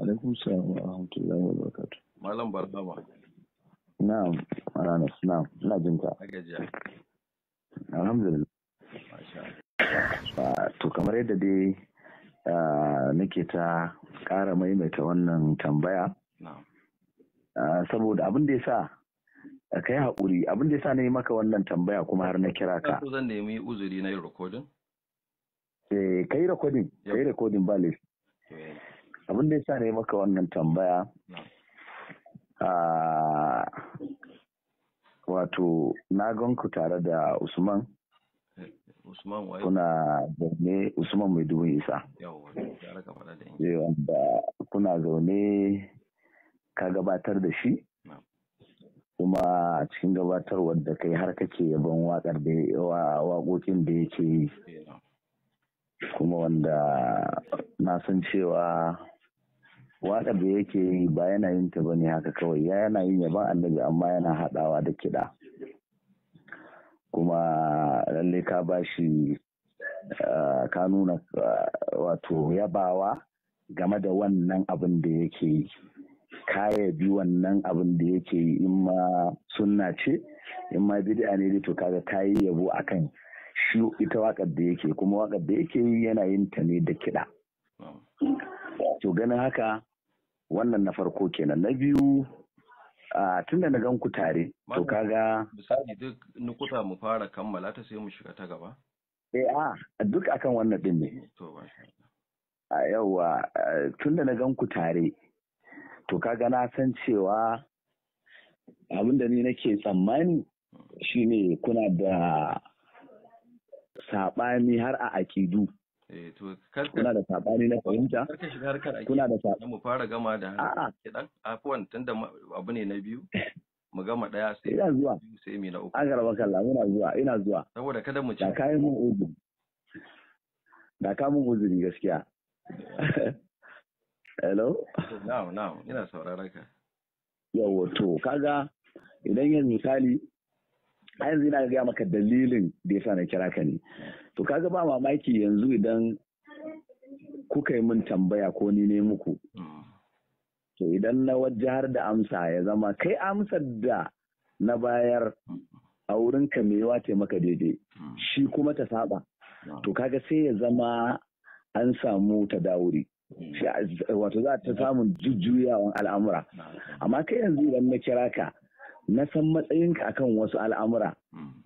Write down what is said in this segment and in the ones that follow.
alaikum salam malam na'am maranas na'am ina jin ka alhamdulillah ah, to kamar yadda dai ah, nake ta ƙara maimaita wannan tambaya ah, saboda abin da ya sa ka yi haƙuri abin da ya sa na yi maka wannan tambaya kuma har na kira ka zan nemi uzuri na yin rikodin yi eh, kai ka yi rekodin ba laifi eh. abin da sa ne maka wannan tambaya ah, wato na ganku tare da Usman eh, Usman kuna zaune Usman mai dubu isa wanda kuna zaune ka gabatar da shi kuma a cikin gabatarwar da kai har kake yaban waƙar da waƙoƙin da yake yi kuma wanda na san cewa waɗa da yake yi ba yana yin ta bane haka kawai ya yana yin yaban annabi amma yana haɗawa da kiɗa kuma lalle ka shi eh, ka nuna eh, wato yabawa game da wannan abin da yake yi kaya bi wannan abin da yake yi in ma sunna ce in ma bid'a ne to kaga yi yabo akan shi ita wakar da yake kuma wakar da yake yi yana yin ta ne da kiɗa to ganin haka wannan na farko kenan na biyu a tunda na gan ku tare to kaga misali duk nukuta mu fara kammala ta sai mu shiga ta gaba eh a duk akan wannan din ne to ba a yawa tunda na gan ku tare to kaga na san cewa abin da ni nake tsammani hmm. shine kuna da saɓani har a akidu. Eh, Kuna da saɓani na fahimta? Kuna da saɓani. Mu fara gama da harkar kiɗan. Afuwan tun da abu ne na biyu. Mu gama ɗaya sai ina zuwa. Sai mi na uku. An garba kalla muna zuwa ina zuwa. Saboda kada mu ci. Da kayan mun uzuri. Da kayan mun uzuri gaskiya. Hello? Na'am na'am ina sauraron ka. Yawwa to kaga idan yanzu misali a yanzu ina gaya maka dalilin da yasa na kira ka ne to kaga ba mamaki yanzu idan kuka yi min tambaya ko ni ne muku to idan na wajahar da amsa ya zama kai amsar da na bayar a wurin ka yawa taimaka daidai shi kuma ta saba to kaga sai ya zama an samu ta dawuri wato za ta samun jujjuyawan al'amura amma kai yanzu idan na kira ka na san matsayinka akan wasu al'amura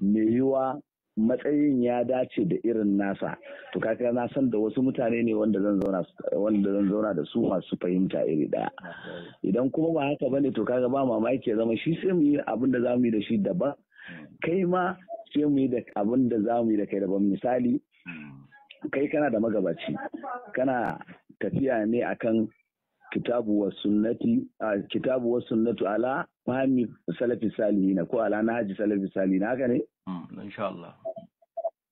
mai hmm. yiwa matsayin ya dace da irin nasa to kaka na san da wasu mutane ne wanda zan zauna da su masu fahimta iri daya idan kuma ba haka bane to kaga ba mamaki ya zama shi sai mu yi abin da zamu yi da shi daban hmm. kai ma sai mu yi da abin da zamu yi da kai daban misali hmm. kai kana da magabaci kana tafiya ne akan kitabu wa sunnati sunnatu ala fahimmi salafi salihina ko ala nahaji salafi salihina haka ne? Hmm, insha Allah.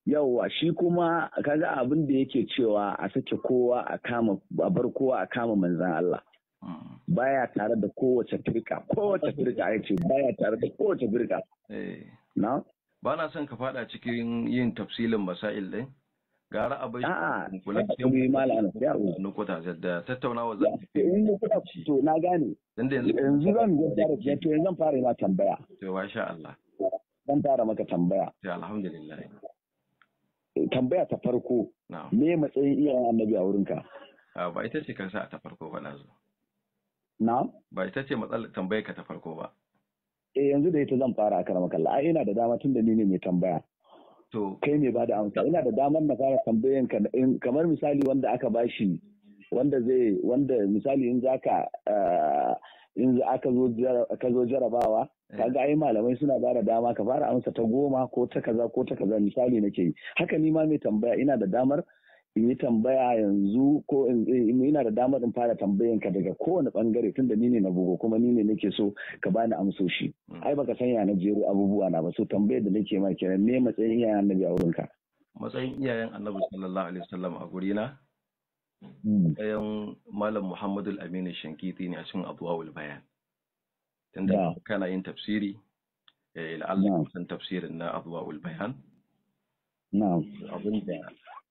Yawwa shi kuma kaga abin da yake cewa a sake kowa a kama a bar kowa a kama manzan Allah. Hmm. Baya tare da kowace firka kowace firka ya ce baya tare da kowace firka. Eh. Na? Ba na son ka fada cikin yin tafsilin masail ɗin. gara a bai kuma malam ya nukuta da tattaunawa zan yi nukuta to na gane yanzu zan gwada to yanzu zan fara ma tambaya to wa sha Allah zan fara maka tambaya to alhamdulillah tambaya ta farko me matsayin iyayen annabi a wurinka ah, ba ita ce kansa ta farko ba nazo zo na ba ita ce matsalar tambayar ka ta farko ba eh yanzu da ita zan fara a karamar kalla ai ina da dama tun da ni ne mai tambaya kai mai bada amsa ina da damar na fara tambayan ka kamar misali wanda aka bashi wanda zai wanda misali in zaka eh, in aka zo ka zo jarabawa eh. kaga ai malamai suna ba da dama ka fara amsa ta goma ko ta kaza ko ta kaza misali nake yi haka ni ma mai tambaya ina da damar in yi tambaya yanzu ko in ina da damar in fara tambayan ka daga kowane bangare tun da ni ne na bugu kuma ni ne nake so ka bani amsoshi hmm. ai baka sanya na jeru abubuwa na ba so tambayar da nake ma kenan me matsayin iyayen annabi a wurinka. matsayin iyayen annabi sallallahu alaihi wasallam a guri na hmm. ɗayan malam muhammadu aminu shankiti ne a cikin abuwa bayan tunda kana yin tafsiri eh, la'alla san tafsirin na abuwa bayan abin da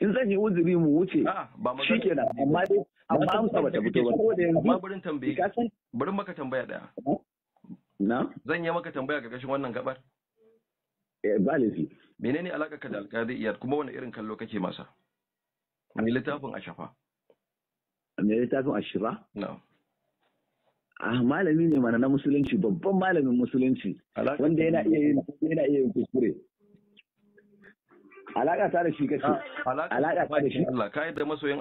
in zan yi uzuri mu wuce ah, shi kenan amma dai amma amsa bata fito ba amma barin tambaye barin maka tambaya daya na zan yi maka tambaya ga kashin wannan gabar eh ba laifi menene alaka ka da alƙadi iyad kuma wani irin kallo kake masa me littafin ashafa me littafin ashafa na ah malami ne mana na musulunci babban malamin musulunci wanda yana iya yin kuskure Alaƙa ta da shi ah, ka yadda masoyin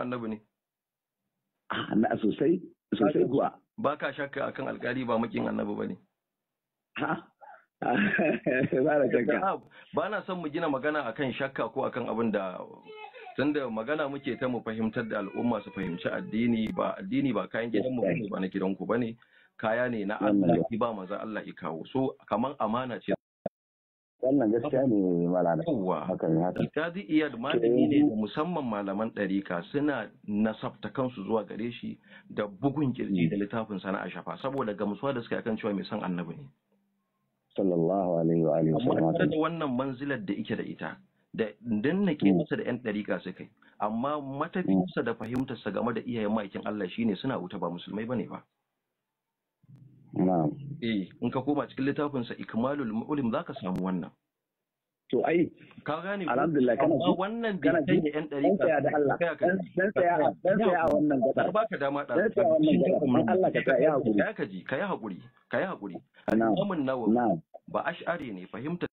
ba na son mu gina magana akan shakka ko akan abin da tunda magana muke ta mu fahimtar da al'umma su fahimci addini ba addini ba kayan gidan mu ba na gidanku ne kaya ne na Allah ba maza Allah ya kawo so kaman amana ce wannan gaskiya ne malana hakan haka kazi iyad malami ne da musamman malaman ɗarika suna nasabta kansu zuwa gare shi da bugun kirji mm. da littafin sana'a shafa saboda gamsuwa da suka kan cewa mai san annabi ne sallallahu alaihi wa alihi wasallam da wannan manzilar da yake da ita da danna ke mm. masa da yan ɗarika su kai amma matafiyarsa da fahimtarsa game da iyayen ma'aikin Allah shine suna wuta ba musulmai ne ba eh in ka koma cikin littafinsa ikmalul mu'lim zaka samu wannan to ai ka gane alhamdulillah kana ji wannan da kai da yan dari ka da Allah dan tsaya dan tsaya a wannan gaba ba ka dama da wannan Allah ka tsaya hakuri ka ji ka yi hakuri ka yi hakuri Imam Nawawi ba ash'ari ne fahimta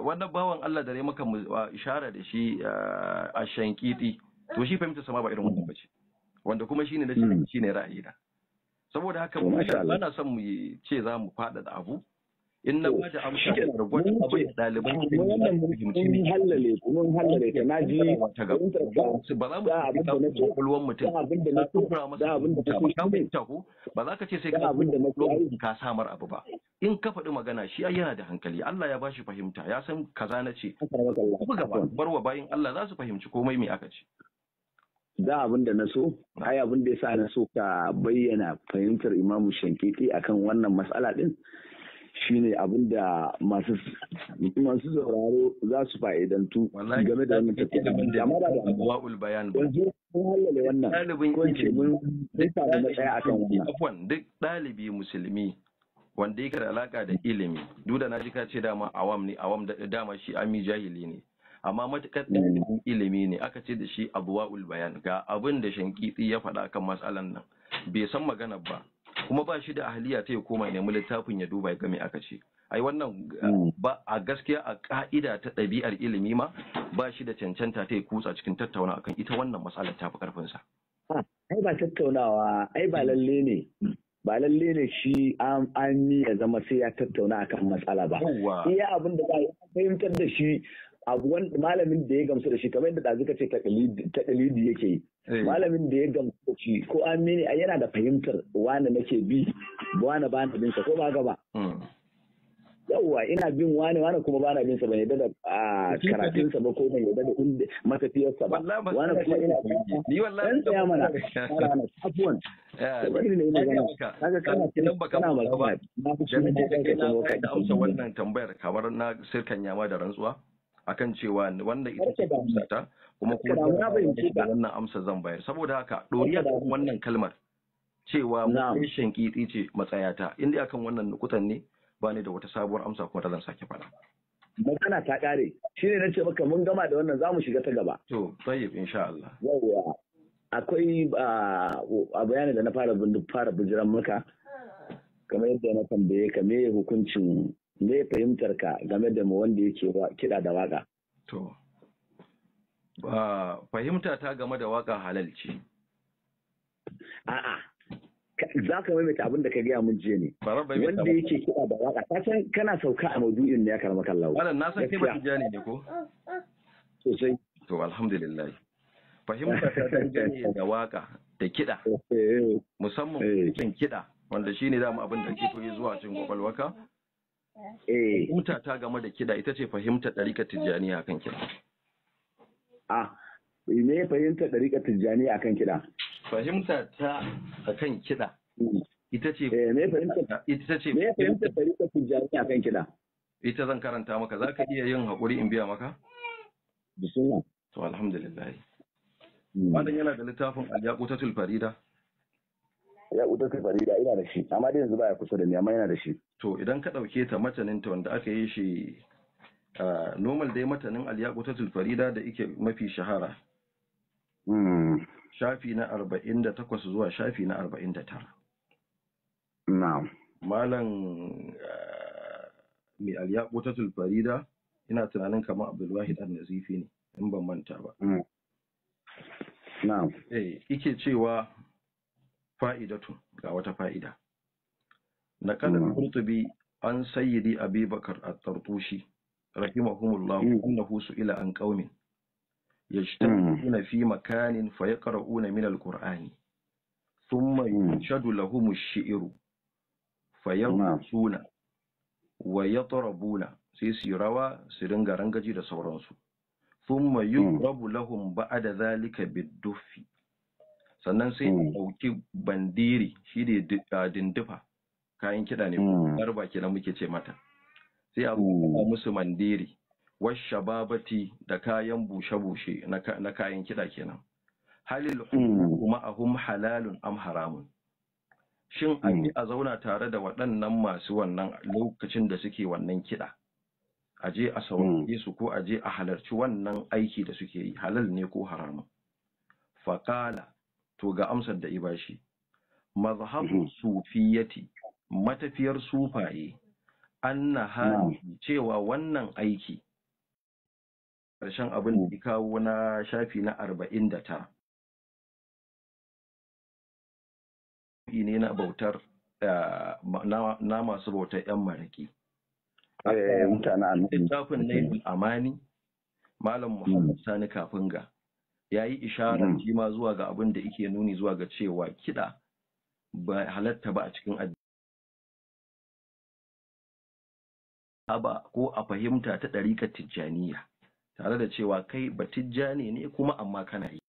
wannan bawan Allah da ya maka ishara da shi a shankiti to shi fahimta sama ba irin wannan ba ce wanda kuma shine na hmm. ne ra'ayi da saboda haka na son mu ce za mu faɗa da abu in na da amsa da gwada abin da ɗaliban wannan mun hallale mun hallale ta na ji ta ga ba za mu abin ta nake kulwan mutum abin da nake kura masa abin da kake shi ta ko ba za ka ce sai ka abin da nake ka samar abu ba in ka faɗi magana shi yana da hankali Allah ya bashi fahimta ya san kaza na ce kuma ga barwa bayin Allah za su fahimci komai me aka ce da abin da na so ai abin da yasa na so ka bayyana fahimtar imamu shankiti akan wannan matsala din shine abin da masu masu sauraro za su fa'idantu game da wannan tafiya amma da abuwaul bayan ba mun hallale wannan dalibin ilimi mun da matsaya akan wannan afwan duk ɗalibi musulmi wanda yake da alaka da ilimi duk da ji ka ce dama awam ne awam da dama shi ami jahili ne amma matukar hmm. ɗalibin ilimi ne aka ce da shi abuwa'ul bayan ga abin da shankitsi ya faɗa kan matsalan nan bai san magana ba kuma ba shi da ahliya ta ya koma ne nemi littafin ya duba ya game aka ce ai wannan hmm. ba a gaskiya a ka'ida ta ɗabi'ar ilimi ma ba shi da cancanta ta ya kutsa cikin tattauna akan ita wannan matsalar ta fi sa. Ah, ai ba tattaunawa ai ba lalle ne ba lalle ne shi an ya zama sai ya tattauna akan matsala ba iya abin da za fahimtar da shi Abuwan malamin da ya gamsu da shi kamar yadda ɗazu ka ce ta ɗalidi yake yi eh. malamin da ya gamsu da shi ko amini yana da fahimtar wani nake bi wani ba na binsa ko ba gaba hmm. yawwa ina bin wani wani kuma bana bin sa ba ne da karatun ba ko ban yadda da matafiyar ba wani kuma ina ni wallahi mana ina eh, gana kaga kana kiran baka kana na fi kai da amsa wannan tambayar kamar na sirkan yama da rantsuwa akan cewa wanda ita ce ta kuma kuma wannan amsa zan bayar saboda haka doriya da wannan kalmar cewa mutashin kitsi ce matsayata inda akan wannan nukutan ne ba ni da wata sabuwar amsa kuma ta zan sake faɗa. magana ta kare shi ne na ce maka mun gama da wannan za mu shiga ta gaba to tayyib insha Allah akwai ah, a bayanin da na fara fara bijiran maka kamar yadda na tambaye ka me hukuncin me fahimtar ka game da mu wanda yake kiɗa da waka to fahimta ta game da waka halal ce a'a za ka maimaita abin da ka gaya mun jiya ne wanda yake kiɗa da waka ta san kana sauka a maudu'in ne ya karama kallawa. wannan na san kai ba ne ko sosai to alhamdulillah fahimta ta jani da waka da kiɗa eh, eh. musamman eh. kiɗa wanda shi za mu abin da ke koyi zuwa cin kwakwalwaka huta eh. ta game da kida ita ce fahimta ɗarika tijjani kan kida ah me fahimta ɗarika tijjani kan kida fahimta ta kan kida ita ce fahimtar fahimta ita a kan ɗarika tijjani kida ita zan karanta maka za ka iya yin haƙuri in biya maka bismillah to alhamdulillah wannan hmm. yana da littafin al-yaqutatul farida ya utarkar farida ina da shi amma dai yanzu baya kusa da ni amma yana da shi to idan ka ɗauke ta matanin ta wanda aka yi shi normal dai matanin al ta tulfarida da yake mafi shahara hmm. shafi na arba'in da takwas zuwa shafi na arba'in da tara. Na'am. Malam mai alyaƙo ta tulfarida ina tunanin kamar Abdulwahid al-Nazifi ne in ban manta ba. Hmm. Na'am. Eh, ike cewa Fa'idatun ga wata fa'ida naqalal qurtubi an sayyidi abi bakar at-tartushi rahimahumullah husu hmm. ila an qaumin hmm. yajtamuna fi makanin fayaqra'una min al-qur'ani thumma hmm. yunshadu lahum ash-shi'ru suna. wa yatrabuna sai su rawa su ringa rangaji da sauransu thumma yurabu lahum da zalika bid sannan sai a hmm. ɗauki bandiri shi ne ah, dindufa kayan kiɗa ne hmm. garba kenan muke ce mata sai a hmm. buga musu mandiri washa babati da kayan bushe-bushe na kayan kiɗa kenan halil kuma ahum halalun am haramun shin a yi a zauna tare da waɗannan masu wannan lokacin da suke wannan kiɗa a je a saurare su ko a je a halarci wannan aiki da suke yi halal ne ko haramun faƙala to ga amsar da ibashi mazhabun mhm. sufiyati matafiyar sufaye annaha cewa wannan aiki ƙarshen abin da mhm. kawo na shafi na arba'in da ta ne na bautar eh, na masu bautar 'yan maraki eh, littafin nailul amani malam muhammad mhm. sani kafinga ya yi isharar hmm. shi zuwa ga abin da yake nuni zuwa ga cewa kiɗa ba halatta ba a cikin addini ko a fahimta ta ɗarikar tijjaniya tare da cewa kai ba tijjani ne kuma amma kana yi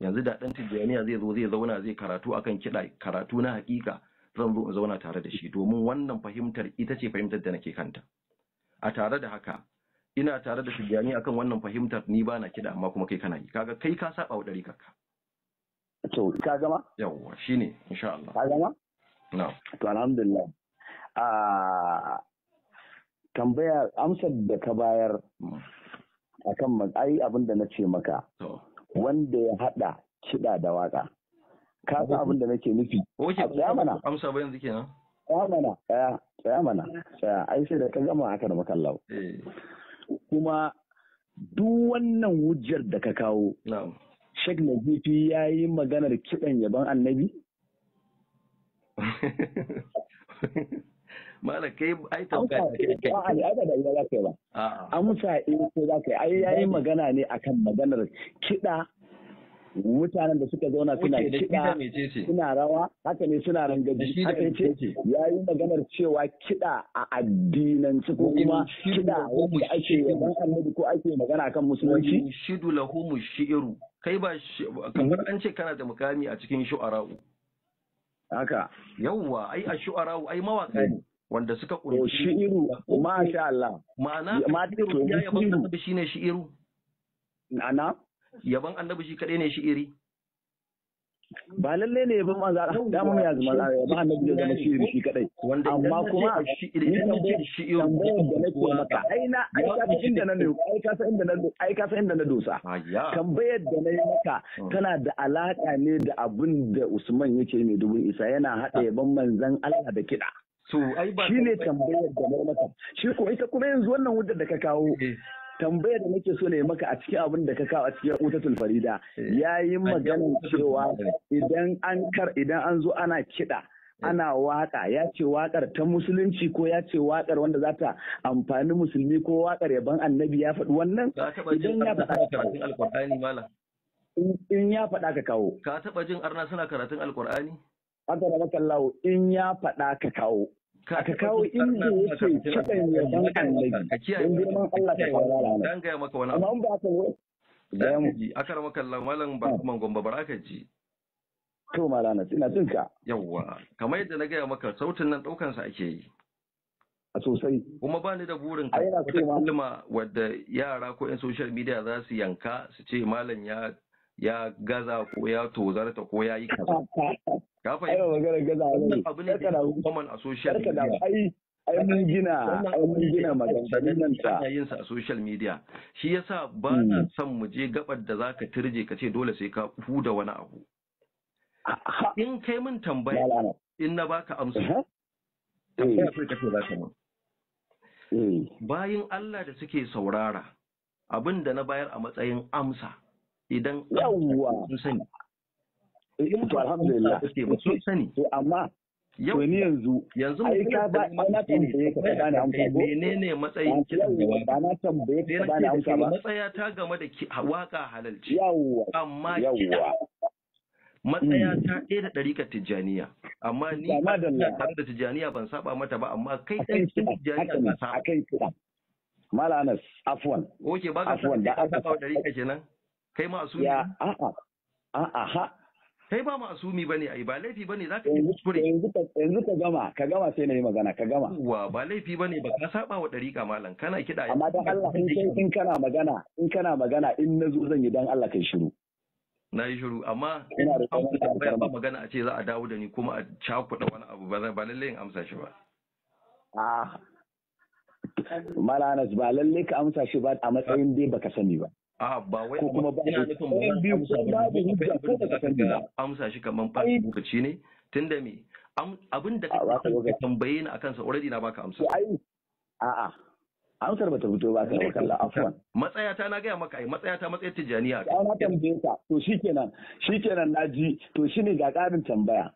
yanzu da ɗan tijjaniya zai zo zai zauna zai karatu akan kiɗa karatu na haƙiƙa zan zo in zauna tare da shi domin wannan fahimtar ita ce fahimtar da nake kanta a tare da haka ina tare da tijjani akan wannan fahimtar ni ba na kiɗa amma kuma kai kana yi kaga kai ka saba wa ɗari kakka to ka gama yawwa shine insha Allah ka gama na to alhamdulillah a ah, tambaya amsar da ka bayar mm. akan ai abin da na ce maka wanda ya haɗa kiɗa da waka ka san abin da nake nufi a tsaya mana amsa ba yanzu kenan tsaya mana tsaya tsaya mana tsaya ai sai da ka gama aka da makallau eh. kuma duk wannan hujjar da ka kawo Sheikh Nazifi ya yi maganar kiɗan yaban annabi? Mala kai ai tambaya kai. A'a ai ba da za ka yi ba. Amsa eh ko za ka yi ai yayi magana ne akan maganar kiɗa mutanen da suka zauna suna kiɗa suna rawa haka ne suna rangaji haka ne ya yi maganar cewa kiɗa a addinanci ko kuma kiɗa wanda ake yaban annabi ko ake magana kan musulunci shidu lahumu shi'iru kai ba kamar an ce kana da mukami a cikin shu'ara'u haka yawwa ai a shu'ara'u ai mawaka ne wanda suka ƙunshi shi'iru masha Allah ma'ana ma ya yaban annabi shine shi'iru ana yaban annabi shi kaɗai ne shi iri ba lalle ne yaban manzo da mu ya zama yaban annabi ya zama shi iri shi kadai amma kuma shi iri ne ce shi iri da maka Aina na ai ka san inda na ne ai ka san inda na ai ka san inda na dosa tambayar da yi maka hmm. tana da alaka ne da abin da Usman yake mai dubun Isa yana hada yaban manzon Allah da kiɗa. ai ba shi ne tambayar da yi maka shi kuma ita kuma yanzu wannan wutar da ka kawo eh. tambayar da nake so ne maka a cikin abin da ka kawo a cikin utatul farida eh. ya yi magana cewa idan an kar idan an zo ana kiɗa eh. ana waka ya ce wakar ta musulunci ko ya ce wakar wanda za ta amfani musulmi ko wakar yaban annabi ya faɗi wannan idan ya faɗa ka alkur'ani in ya faɗa ka kawo ka taɓa jin arna suna karatun Alƙur'ani? haka da maka in ya faɗa ka kawo ka kawo inda yake kiɗan ya dan annabi don girman Allah ka kawo lalata dan ga maka wani abu. amma ba ka ga mu akar maka Allah malam ah. ba kuma gomba baraka ji to malana ina jin ka yawa kamar yadda na gaya maka sautin nan daukan ake yi a sosai kuma ba ni da burin ka wata kalma wadda yara ko yan social media za su yanka su ce malam ya ya gaza ko ya tozarta ko ya yi kaza ka fahimta magana gaza ne abu ne da common a social media ai mun gina ai mun gina maganganun ta yin sa a social media shi yasa ba hmm. na son mu je gabar da zaka turje ka ce dole sai ka huda wani abu in kai min tambaya in na baka amsa za hmm. ka mun hmm. bayin Allah da suke saurara abin da na bayar a matsayin amsa idan yawwa sun sani in eh, to alhamdulillah sun sani to amma yau ni yanzu yanzu ka ba na tambaye ka ba na amsa menene matsayin ki ba na tambaye ka ba na amsa ba matsaya ta game da waka halalci yawwa amma yawwa matsaya mm. ta ɗaya da ka tijjaniya amma ni ba da tijjaniya ban saba mata ba amma kai ɗan tijjaniya ka saba akan kira malanas afwan oke ba ka saba da ka kenan kai ma asumi ya a'a a'a ha kai ba asumi bane ai ba laifi bane zaka yi kuskure yanzu ka yanzu ka gama ka gama sai na yi magana ka gama wa ba laifi bane ba ka saba wa dariƙa malam kana kida amma dan Allah in kai in kana magana in kana magana in nazo zan yi dan Allah kai shiru na yi shiru amma ina da tambaya ba magana a ce za a dawo da ni kuma a cakuɗa wani abu ba ba lalle in amsa shi ba a ah. Malanas ba lalle ka amsa shi ba a matsayin dai baka sani ba a kuma ba ina nufin ba amsa shi kaman ba lokaci ne tunda me abin da kake tambaye ni akan sa already na baka amsa a'a amsar ta fito ba kai kalla afwan matsaya na gaya maka ai matsaya ta matsayar tijaniya ka na tambaye ka to shikenan shikenan naji to shine ga karin tambaya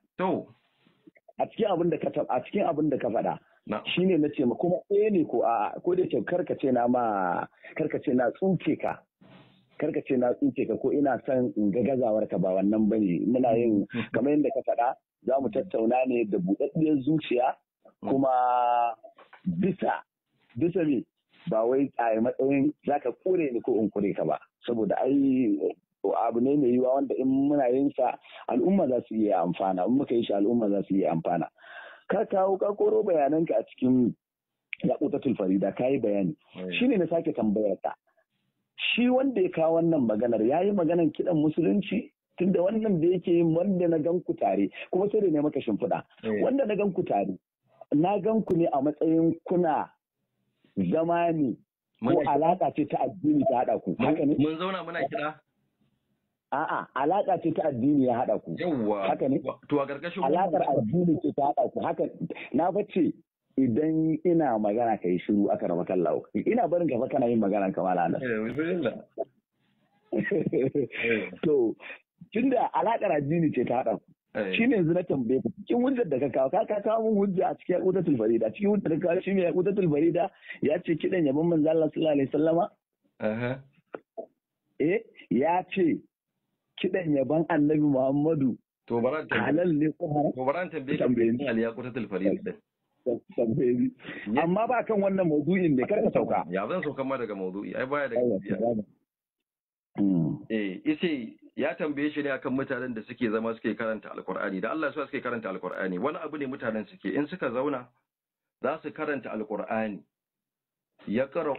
a cikin abin da ka ka faɗa shine na ce ma kuma ɗaya ne ko a ko da ce karkace na ma karkace na tsuke ka karka ce na tsince ka ko ina son in ga gazawar ka ba wannan bane muna yin kamar yadda ka faɗa za mu tattauna ne da buɗaɗɗiyar zuciya kuma bisa bisa ne ba wai a matsayin Za ka kure ni ko in kure ka ba saboda ai abu ne mai yiwuwa wanda in muna yin sa al'umma za su iya amfana in muka yi shi al'umma za su iya amfana ka kawo ka koro bayananka a cikin yakutatul farida ka yi bayani ne na sake tambayar ka shi wanda ya kawo wannan maganar ya yi maganar kiɗan musulunci tunda wannan da yake yin wanda na gan ku tare kuma sai da ne maka shimfiɗa eh. wanda na gan ku tare na gan ku ne a matsayin kuna zama ne ko alaƙa ce ta addini ta haɗa ku haka ne mun zauna muna kira A'a, alaƙa ce ta addini ya haɗa ku. Yawwa. Haka ne? To a ƙarƙashin Alaƙar addini ce ta haɗa ku. Haka na bace idan ina magana ka yi shiru aka raba kan lawo ina barin gaba kana yin magana kamar ana eh, to da alaƙar addini ce ta haɗa eh. shi ne yanzu na tambaye ku cikin hujjar da ka kawo ka ka kawo mun hujja a cikin yaqudatul farida cikin hujjar da ka kawo shi ne yaqudatul farida ya ce kiɗan yabon manzo Allah sallallahu alaihi wasallama eh ya ce kiɗan yabon annabi Muhammadu to baran tambaye ku ne baran tambaye ka al yaqudatul farida amma ba kan wannan maudu'in ne karka sauka ya zan sauka ma daga maudu'i ai baya daga hmm. eh ice ya tambaye shi ne akan mutanen da suke zama suke karanta alkur'ani da Allah suka suke karanta alkur'ani wani abu ne mutanen suke in suka zauna za su karanta alkur'ani ya karo ah,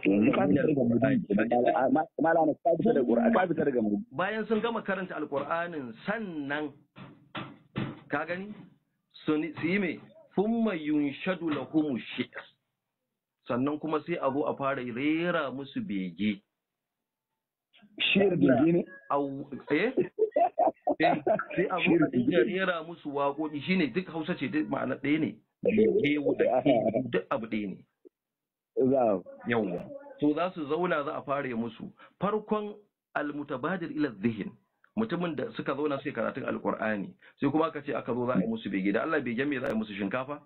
bayan sun gama karanta alkur'anin sannan ka gani su yi mai thumma yunshadu lahum shi'r sannan kuma sai a zo a fara rera musu bege shi'r bege ne eh? eh sai a zo a rera musu waƙoƙi shine duk Hausa ce duk ma'ana ɗaya ne bege ke duk abu ɗaya ne yawwa to za su zauna za a fara musu farkon almutabadir ila zihin mutumin da suka zauna suke karatun alkur'ani sai kuma aka ce aka zo za a yi musu bege da Allah begen me za a yi musu shinkafa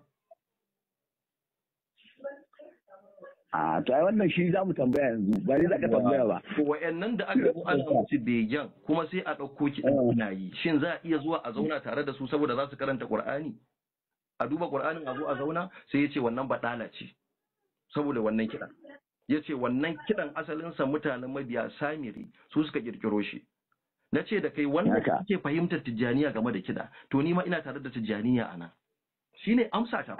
a to ai wannan shi za mu tambaya yanzu ba za ka tambaya ba ko wayannan da aka zo an musu begen kuma sai a dauko ki mm. na yi shin za a iya zuwa a zauna tare da su saboda za su karanta qur'ani a duba qur'anin a zo a zauna sai ya ce wannan dala ce saboda wannan kiɗan ya ce wannan kiɗan asalinsa mutanen mabiya samiri su suka kirkiro shi na ce da kai wannan kake fahimtar tijjaniya game da kiɗa to ni ma ina tare da tijjaniya a nan shine amsa ta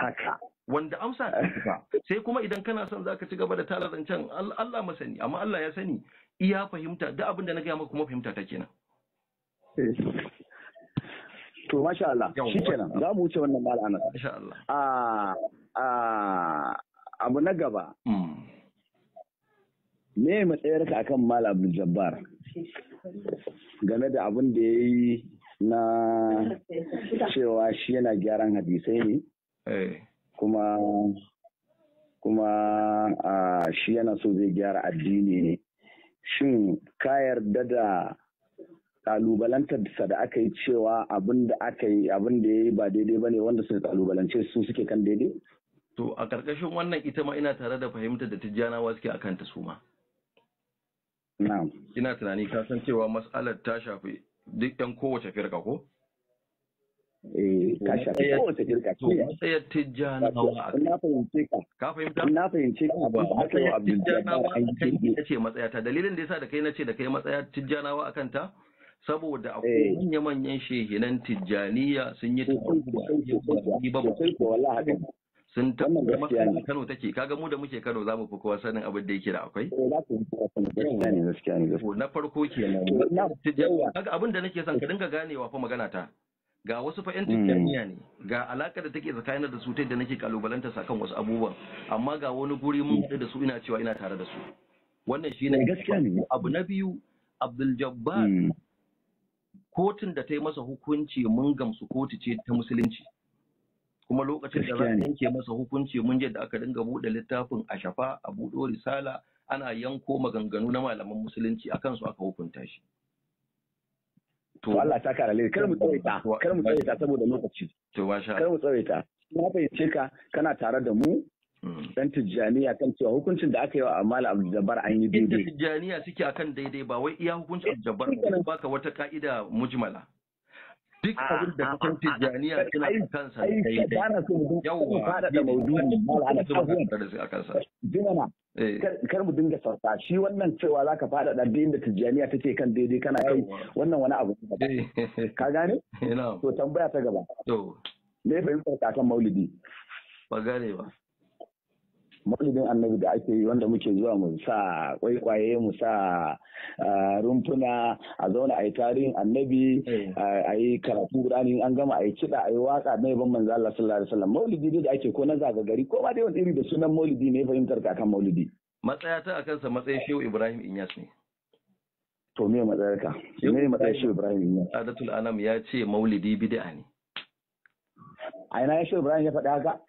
wanda amsa ta sai kuma idan kana son zaka ci gaba da tara can. Allah masani amma Allah ya sani iya fahimta da abin da na gaya maka kuma fahimta ta kenan to masha Allah shikenan za mu wuce wannan mal anas masha Allah ah abu na gaba hmm. me ka akan mal abdul jabbar game da abin da ya yi na cewa shi yana gyaran hadisai ne eh. kuma kuma shi yana so zai gyara addini ne shin ka yarda da kalubalantarsa da aka yi cewa abin da aka yi abin da ya yi ba daidai ba ne wanda suka kalubalance su suke kan daidai? To a ƙarƙashin wannan ita ma ina tare da fahimtar da tijjanawa suke akan ta su ma. ina tunani ka san cewa mas'alar ta shafi duk ɗan kowace firka ko ka shafi kowace matsayar ta dalilin da yasa da nace da kai matsaya akan ta saboda akwai eh. manya-manyan shehinan tijjaniya sun yi ba ba sun ta kuma Kano take kaga mu da muke Kano zamu fi kowa sanin abin da yake da akwai eh, na farko ke kaga abin da nake son ka dinga ganewa fa magana ta ga wasu fa'in 'yan hmm. tijjaniya ne ga alaƙa da take tsakanin da su ta yadda nake kalubalanta sakan wasu abubuwan amma ga wani guri mun da su ina cewa ina tare da su wannan shi eh, ne abu na biyu Abdul Jabbar hmm. kotun da ta yi masa hukunci mun gamsu kotu ce ta musulunci kuma lokacin da zan yanke masa hukunci mun je da aka dinga buɗe littafin a shafa a buɗo risala ana yanko maganganu na malaman musulunci a kansu aka hukunta shi to Allah ta kara kar mu tsawaita kar mu tsawaita saboda lokaci to masha kar mu tsawaita na fahimce ka kana tare da mu hmm. dan tijjaniya kan cewa hukuncin da aka yi wa amala abdulbar an yi daidai tijjaniya suke akan daidai ba wai iya hukuncin Jabbar ba ka wata ka'ida mujmala duk abin da tijjaniya suna a kansa yawwa kar mu dinga sarfa shi wannan cewa zaka fada da da tijjaniya take kan daidai kana kai wannan wani abu ka gane to tambaya ta gaba to me fahimtar ka kan maulidi ba gane ba maulidin annabi da ake yi wanda muke zuwa mu sa kwaikwaye mu sa ah, rumfuna a zauna a yi tarihin annabi eh. ah, a yi karatu rani an gama a yi kiɗa a yi waka na yaban manzo Allah sallallahu alaihi wasallam maulidi ne da ake ko na gari ko ma dai wani iri da sunan maulidi ne fahimtar ka akan maulidi matsaya ta akan sa matsayin Shehu Ibrahim Inyas ne to me ka me matsayin Shehu Ibrahim Inyas Adatul Anam ya ce maulidi bid'a ne a ina Shehu Ibrahim ya faɗa haka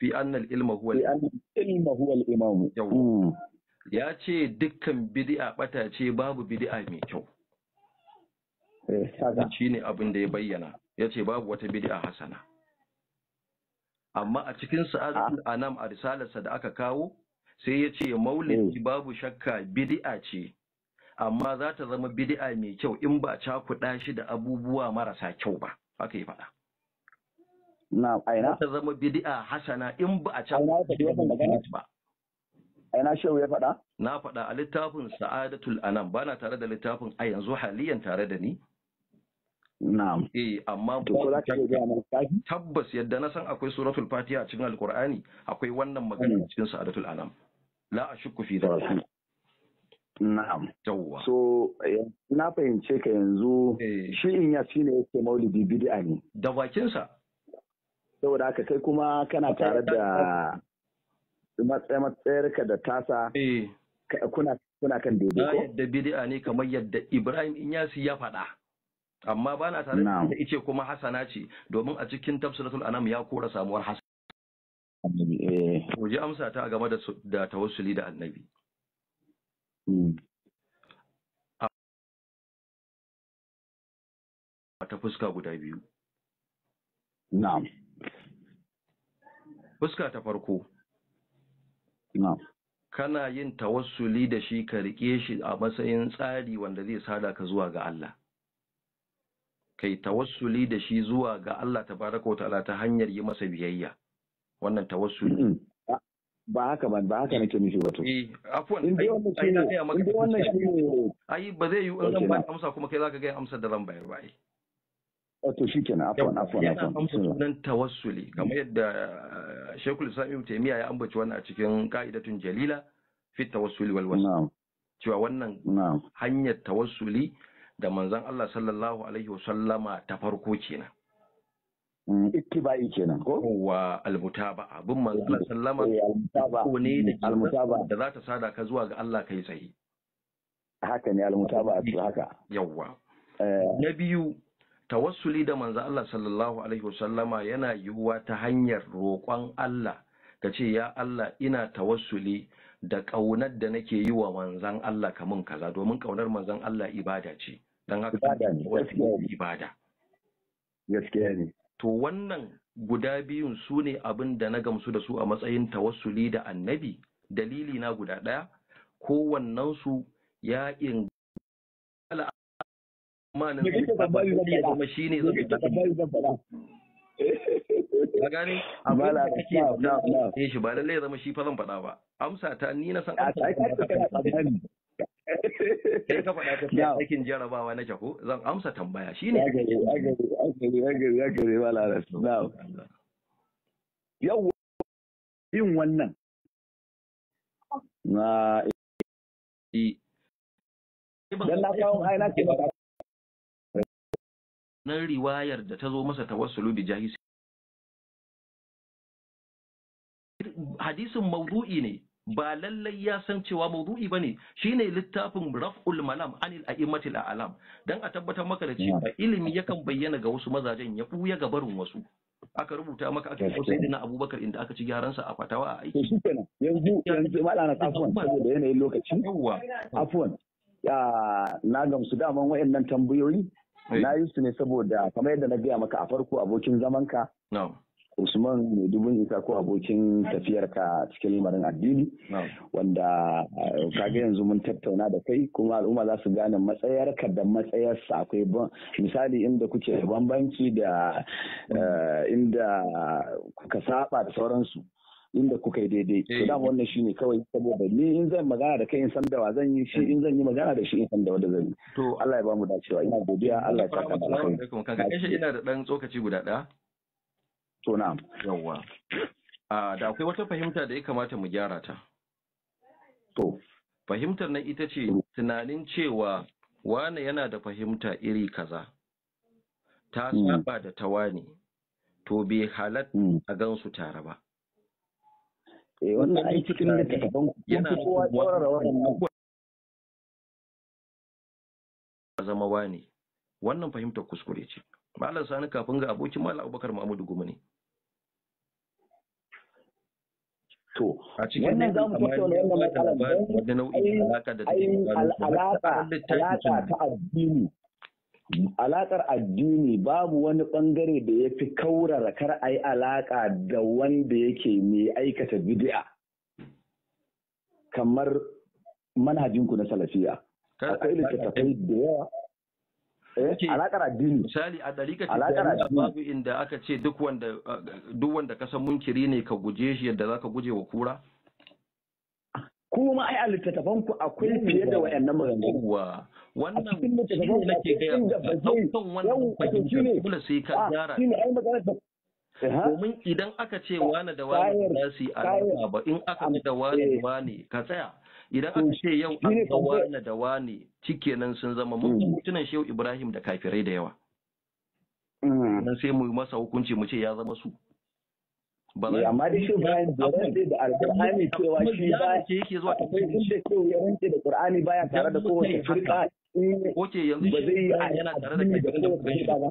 fi annal ilma huwa ilma imamu hmm. ya ce dukkan bid'a bata ce babu bid'a mai kyau eh, shi ne abin da ya bayyana ya ce babu wata bid'a hasana amma a cikin sa'adul anam ah. a risalarsa da aka kawo sai ya ce maulidi eh. babu shakka bid'a ce amma za ta zama bid'a mai kyau in ba cakuɗa shi da abubuwa marasa kyau ba haka yi faɗa na aina ta zama bid'a hasana in ba a can ba aina shehu ya faɗa na faɗa a littafin sa'adatul anam bana tare da littafin a yanzu haliyan tare da ni Na'am. Eh amma tabbas yadda na san akwai suratul Fatiha a cikin Alkur'ani akwai wannan magana hmm. cikin Sa'adatul Anam. La ashukku fi dhalika. Na'am. Yawwa. So eh, na fahimce ka yanzu eh. shi in ya shine yake maulidi bid'a ne. Da bakin sa saboda haka kai kuma kana tare da matsayar ka da tasa eh. kuna kan daidai ko bid'a ne kamar yadda Ibrahim Inyasi ya faɗa amma ba na tare da ice kuma hasana ce domin a cikin tafsiratul anam ya kora samuwar hasana eh. amsa ta game da da tawassuli da annabi mm. ta fuska guda biyu na'am Fuska ta farko. Kana yin tawassuli da shi ka riƙe shi a matsayin tsari wanda zai sada ka zuwa ga Allah. Kai tawassuli da shi zuwa ga Allah ta baraka ta'ala ta hanyar yi masa biyayya. Wannan tawassuli. Ba haka ba, ba haka nake nufi wato. Eh, afwan. In dai wannan shi ne, in dai wannan shi ne. Ai ba zai yi in zan ba amsa kuma kai zaka ga amsar da zan bayar ba eh Wato eh, shi kenan afon afon. yana amsa sunan tawassuli kamar yadda eh, shekul sami taimiya ya ambaci wannan a cikin ka'idatun jalila fi tawassuli wal wasu cewa wannan hanyar tawassuli da manzan Allah sallallahu alaihi wasallama ta farko kenan mm, ittiba'i kenan ko wa almutaba abin manzan Allah sallama eh, ko ne da za ta sada ka zuwa ga Allah kai tsaye haka ne almutaba haka na biyu tawassuli da manzo Allah sallallahu alaihi wasallama yana yiwuwa ta hanyar roƙon Allah ka ce ya Allah ina tawassuli da ƙaunar da nake yi wa manzan Allah kamun kaza domin ƙaunar manzan Allah ibada ce don haka ibada gaskiya ne to wannan guda biyun sune abin da na gamsu da su a matsayin tawassuli da annabi dalili na guda ɗaya kowannensu ya ingala manin zai tabbata ya zama shi ne zai tabbata ka gane abin da kake da shi ba lallai ya zama shi fa zan faɗa ba amsa ta ni na san amsa ta kai ka faɗa ta fi aikin jarabawa na jako zan amsa tambaya shi ne yau yin wannan na eh. dan na kawo ai na ce ba Nan riwayar da ta zo masa ta tawassulu bi jahi hadisin mawdu'i ne ba lallai ya san cewa ba ne, shi ne littafin raf'ul malam anil a'immatil a'lam don a tabbatar maka da cewa ilimi yakan bayyana ga wasu mazajen ya buya ga barin wasu aka rubuta maka aka sai dina abubakar inda aka ci gyaran sa a fatawa a aiki shi kenan yanzu yanzu malana afwan saboda yanayin lokaci yawa na gamsu daman waɗannan tambayoyi Eh. na yi su ne saboda kamar yadda na gaya maka a farko abokin zamanka usman mai dubun isa ko abokin tafiyarka cikin lamarin addini wanda eh, kaga yanzu mun tattauna da kai kuma al'umma za su gane matsayarka da matsayarsa akwai misali inda kuke da bambanci da eh, inda kuka saba da sauransu inda kuka yi daidai to eh. dama wannan shine kawai saboda ni in zan magana da kai in san da wa zan yi shi eh. in zan yi magana da shi in san da wanda zan yi to Allah ya bamu dacewa ina godiya Allah ya saka mu alheri kaga kashi ina da dan tsokaci guda daya to na'am yawa a da akwai wata fahimta da ya kamata mu gyara ta to fahimtar nan ita ce tunanin cewa wane yana da fahimta iri kaza ta hmm. saba da tawani to bai halatta hmm. a gansu tare ba eh wannan ai cikin littattafan yana kowa tsaurara wannan zama wani wannan fahimtar kuskure ce malam sani kafin ga abokin malam abubakar mahmudu goma ne to a cikin wannan zamu tattauna wannan matsalar da nau'in alaka da take alaka ta addini alakar addini babu wani bangare da ya fi kaurara kar a yi alaka da wanda yake mai aikata bid'a kamar manhajinku na salafiya akwai littattafai da yawa eh, alakar addini misali a ɗarikacin babu inda aka ce duk wanda ka san munkiri ne ka guje shi yadda za ka guje wa kura kuma ai a littattafan ku akwai fiye da wayannan maganganu wannan cikin ne ku nake ga kan wannan fahimtar kula sai ka ah, gyara domin idan aka ce wani da wani za su yi ba in aka ce da wani da eh. wani ka tsaya idan aka ce yau an ga wani da wani cikenan sun zama mun mutunan mm. shehu ibrahim da kafirai da yawa mm. nan sai mu masa hukunci mu ce ya zama su Eh, amma da shi bayan zai da alkur'ani cewa shi ba yake zuwa ta kai da shi ya rance da qur'ani baya tare da kowace firqa oke yanzu ba zai yana tare da kai da kowace ba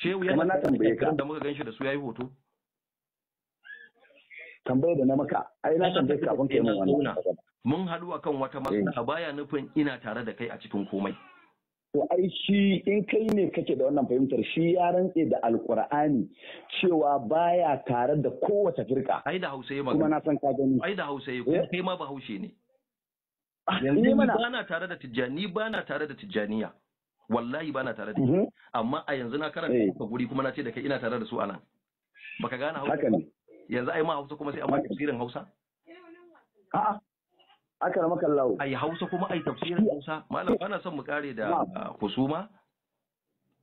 shehu yana tare da da muka ganshi da su yayi hoto tambayar da na maka ai na tambaye kafin kai mun wannan mun haɗu akan wata matsala eh. baya nufin ina tare da kai a cikin komai to ai shi in kai ne kake da wannan fahimtar shi ya rantse da alkur'ani cewa baya tare da kowace firka ai da hausa magana kuma na san ka gani ai da hausa eh? kai ma ba haushe ne ah, yanzu ba na tare da tijjani ba na tare da tijjaniya wallahi ba na tare da mm-hmm. amma a yanzu na karanta eh. ka guri kuma na ce da kai ina tare da su anan baka gane hausa yanzu ai ma hausa kuma sai amma tafsirin hausa a'a aka rama kallawo ai hausa kuma ai tafsirin hausa malam eh. bana son mu kare da kusuma.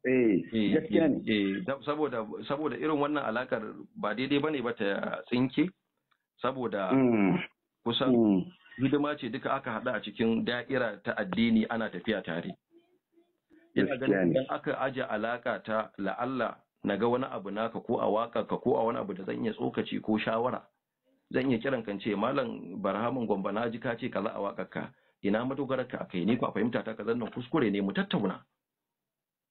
eh eh, eh, eh saboda saboda irin wannan alakar ba daidai bane ba ta tsinke saboda hmm. kusan hmm. hidima ce duka aka hada a cikin da'ira ta addini ana tafiya tare ina ganin idan aka aje alaka ta la'alla na ga wani abu naka ko a waka ka ko a wani abu da zan iya tsokaci ko shawara zan iya kiran kan ce malam Barhamun gombe na ji ka ce kaza a wakarka ina madogarar ka akai ni ko fahimta ta kaza nan kuskure ne mu tattauna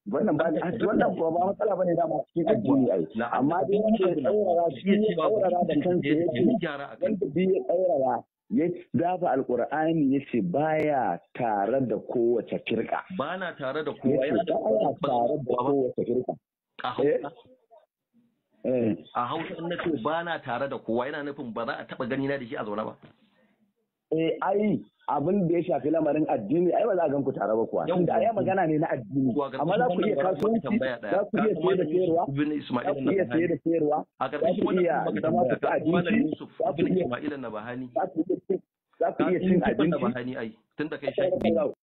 wannan ba wannan ko ba matsala bane da mu cikin addini ai amma dai wanda ya tsaurara shi ya tsaurara da kansa ya ce wanda bi ya tsaurara ya dafa alkur'ani ya ce baya tare da kowace kirka. ba na tare da kowa ya tare da kowace kirka. Eh. a hausa na ce ba na tare da kowa yana nufin ba za a taba gani na da shi a zaune ba eh ai abin da ya shafi lamarin addini ai ba za a gan ku tare ba kuwa da ai magana ne na addini amma za ku iya kasuwanci za ku iya sayar da sayarwa za ku iya sayar da sayarwa za ku iya zama ku ta abinci za ku iya za ku iya cin abinci tun da kai